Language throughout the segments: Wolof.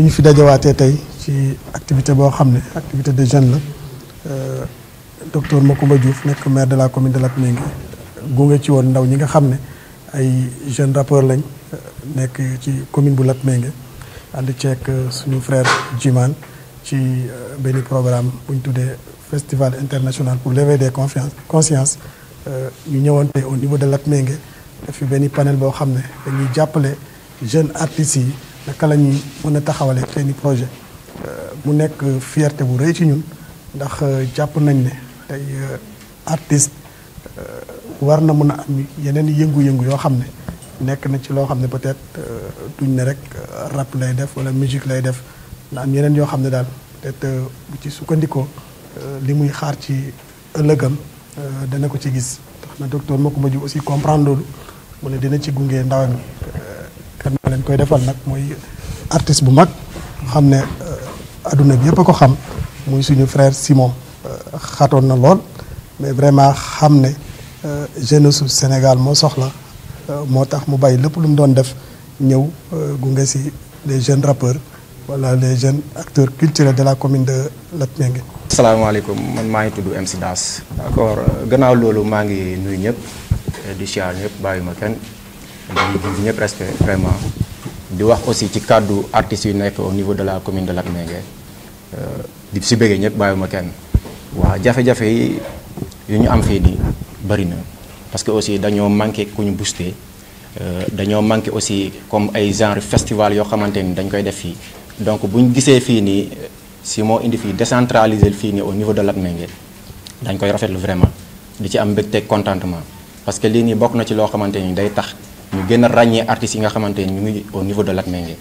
Nous ñu fi dajawaatee tey ci activité boo activité de jeunes, la euh, docteur Macoumba Diouf nekk maire de la commune de Latmingué gunge ci woon ndaw ñi nga xam ne ay jeune rappeur lañ euh, nekk ci commune bu Latmingué ànd ceek euh, suñu frère Jiman ci benn programme bu ñu festival international pour lever des confiance conscience ñu ñëwoon tey au niveau de Latmingué def fi benn panel boo xam ne dañuy jàppale jeunes artistes yi naka la ñuy mën a taxawalee seeni projet euh, mu nekk fierte bu rëy ci ñun ndax euh, jàpp nañ ne tey euh, artiste war na mun a am yeneen yëngu-yëngu yoo xam ne nekk na ci loo xam ne peut-être duñ ne rek rab lay def walla musique lay def ndax am yeneen yoo xam ne daal te être bu ci sukkandikoo li muy xaar ci ëllëgam dana ko ci gis tax na docteur Macoumba Diouf aussi comprendre loolu mu ne dina ci gunge ndawam yi kan ma leen koy defal nag mooy artiste bu mag xam ne euh, aduna bi yëpp ko xam muy suñu frère Simon euh, xatoon na lool mais vraiment xam ne euh, jeunesse Sénégal moo soxla moo tax mu bàyyi lépp lu mu doon def ñëw gunge si les jeunes rappeurs wala les jeunes acteurs culturels de la commune de Latmingué. asalaamaaleykum man maa ngi tudd MC Das, d' accord gannaaw loolu maa ngi nuyu ñëpp di siyaar ñëpp bàyyi ma kenn di presque respect vraiment di wax aussi ci cadre artistes yu nekk au niveau de la commune de Latmingué di si bëggee ñëpp bàyyiwuma kenn waaw jafé jafe yi yu ñu am fii nii bëri na parce que aussi dañoo manqué ku ñu booster eh, dañoo manqué aussi comme ay genre festival yoo xamante ni dañ koy def fii donc bu ñu gisee fii si moo indi fii décentraliser fii nii au niveau de Latmingué dañ koy rafetlu vraiment di ci am mbégte contentement parce que lii nii bokk na ci loo xamante day tax ñu gën a ràññee artistes yi nga ñu ngi au niveau de Latmingué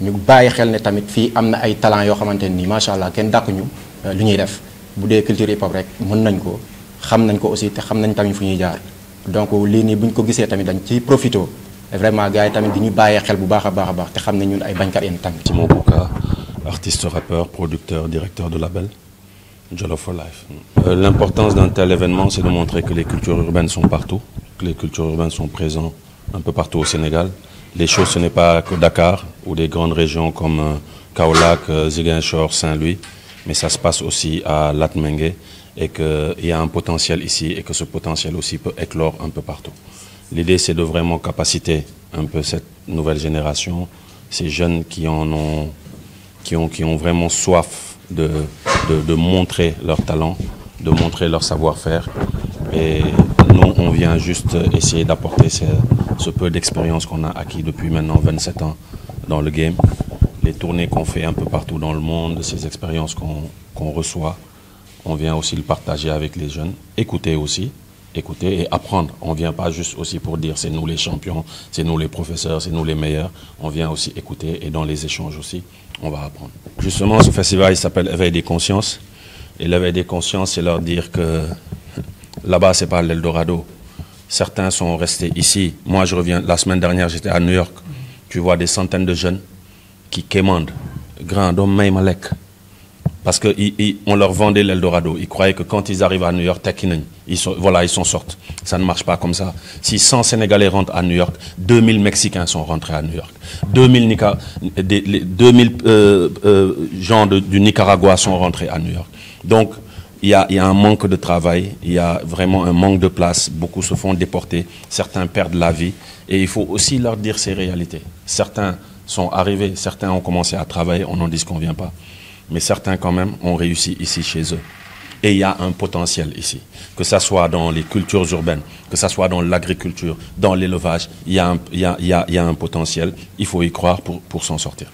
ñu bàyyi xel ne tamit fi amna ay talent yo xamante ni macha allah kenn dàkkuñu euh, lu ñuy def boudé culture hip hop rek mën nañ ko xam nañ ko aussi té xam nañ tamit fu ñuy jaar donc lii nii ko gisee tamit dañ ci profité vraiment gars yi tamit di ñu bàyyee xel bu baaxa baaxa baax té xam nañ ñun ay bañkat yéen tamit. Simon Bouka artiste rappeur producteur directeur de label Jollof for Life. Euh, l'importance d'un tel événement c'est de montrer que les cultures urbaines sont partout que les cultures urbaines sont présentes un peu partout au Sénégal. Les choses, ce n'est pas que Dakar ou des grandes régions comme euh, Kaolac, euh, Ziguinchor, Saint-Louis, mais ça se passe aussi à Latmengue et qu'il y a un potentiel ici et que ce potentiel aussi peut éclore un peu partout. L'idée, c'est de vraiment capaciter un peu cette nouvelle génération, ces jeunes qui en ont, qui ont, qui ont vraiment soif de, de, de montrer leur talent, de montrer leur savoir-faire. Et nous, on vient juste essayer d'apporter ces, ce peu d'expérience qu'on a acquis depuis maintenant 27 ans dans le game, les tournées qu'on fait un peu partout dans le monde, ces expériences qu'on reçoit, on vient aussi le partager avec les jeunes, écouter aussi, écouter et apprendre. On ne vient pas juste aussi pour dire c'est nous les champions, c'est nous les professeurs, c'est nous les meilleurs. On vient aussi écouter et dans les échanges aussi, on va apprendre. Justement, ce festival, s'appelle Éveil des consciences. Et l'éveil des consciences, c'est leur dire que là-bas, ce n'est pas l'Eldorado. Certains sont restés ici. Moi, je reviens. La semaine dernière, j'étais à New York. Tu vois des centaines de jeunes qui quémandent. Grand homme, Malek. Parce qu'on leur vendait l'Eldorado. Ils croyaient que quand ils arrivent à New York, ils sont, voilà, ils sont sortent. Ça ne marche pas comme ça. Si 100 Sénégalais rentrent à New York, 2000 Mexicains sont rentrés à New York. 2000, 000 euh, euh, gens du Nicaragua sont rentrés à New York. Donc, il y, a, un manque de travail, il y a vraiment un manque de place, beaucoup se font déporter, certains perdent la vie, et il faut aussi leur dire ces réalités. Certains sont arrivés, certains ont commencé à travailler, on n'en dit qu'on vient pas, mais certains quand même ont réussi ici chez eux. Et il y a un potentiel ici, que ce soit dans les cultures urbaines, que ce soit dans l'agriculture, dans l'élevage, il, y a un potentiel, il faut y croire pour s'en sortir.